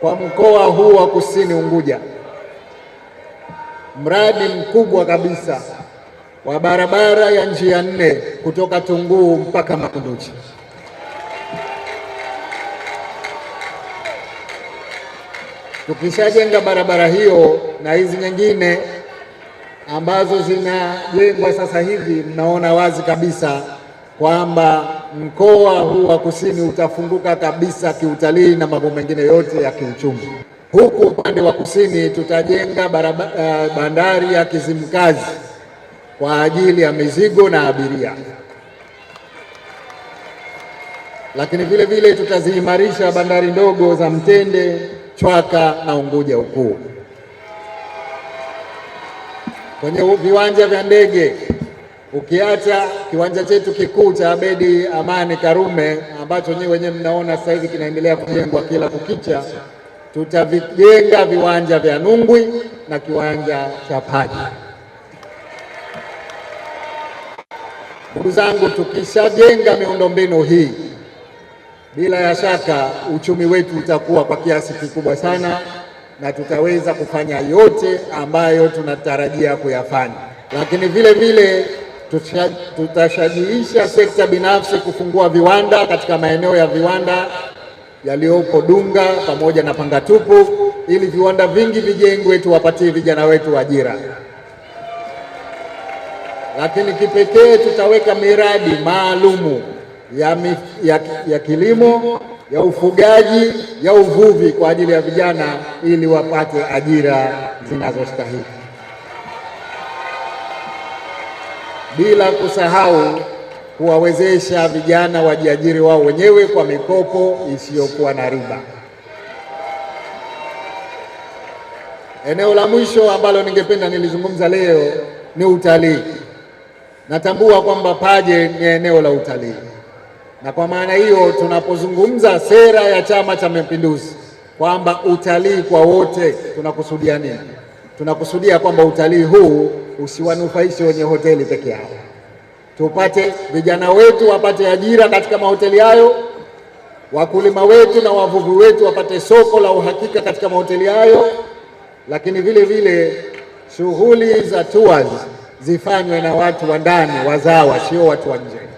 kwa mkoa huu wa Kusini Unguja, mradi mkubwa kabisa wa barabara ya njia nne kutoka Tunguu mpaka Makunduchi. Tukishajenga barabara hiyo na hizi nyingine ambazo zinajengwa sasa hivi, mnaona wazi kabisa kwamba mkoa huu wa kusini utafunguka kabisa kiutalii na mambo mengine yote ya kiuchumi. Huku upande wa kusini tutajenga baraba, uh, bandari ya Kizimkazi kwa ajili ya mizigo na abiria, lakini vile vile tutaziimarisha bandari ndogo za Mtende, Chwaka na Unguja Ukuu. Kwenye viwanja vya ndege Ukiacha kiwanja chetu kikuu cha Abedi Amani Karume ambacho nyinyi wenyewe mnaona sasa hivi kinaendelea kujengwa kila kukicha, tutavijenga viwanja vya Nungwi na kiwanja cha Paji. Ndugu zangu, tukishajenga miundombinu hii, bila ya shaka uchumi wetu utakuwa kwa kiasi kikubwa sana, na tutaweza kufanya yote ambayo tunatarajia kuyafanya, lakini vile vile tutashajiisha sekta binafsi kufungua viwanda katika maeneo ya viwanda yaliyopo Dunga pamoja na Pangatupu ili viwanda vingi vijengwe, tuwapatie vijana wetu ajira. Lakini kipekee tutaweka miradi maalumu ya, mi, ya, ya kilimo ya ufugaji ya uvuvi kwa ajili ya vijana ili wapate ajira zinazostahili. bila kusahau kuwawezesha vijana wajiajiri wao wenyewe kwa mikopo isiyokuwa na riba. Eneo la mwisho ambalo ningependa nilizungumza leo ni utalii. Natambua kwamba Paje ni eneo la utalii, na kwa maana hiyo tunapozungumza sera ya Chama cha Mapinduzi kwamba utalii kwa wote, tunakusudia nini? Tunakusudia kwamba utalii huu usiwanufaishe wenye hoteli peke yao, tupate vijana wetu wapate ajira katika mahoteli hayo, wakulima wetu na wavuvi wetu wapate soko la uhakika katika mahoteli hayo, lakini vile vile shughuli za tours zifanywe na watu wa ndani wazawa, sio watu wa nje.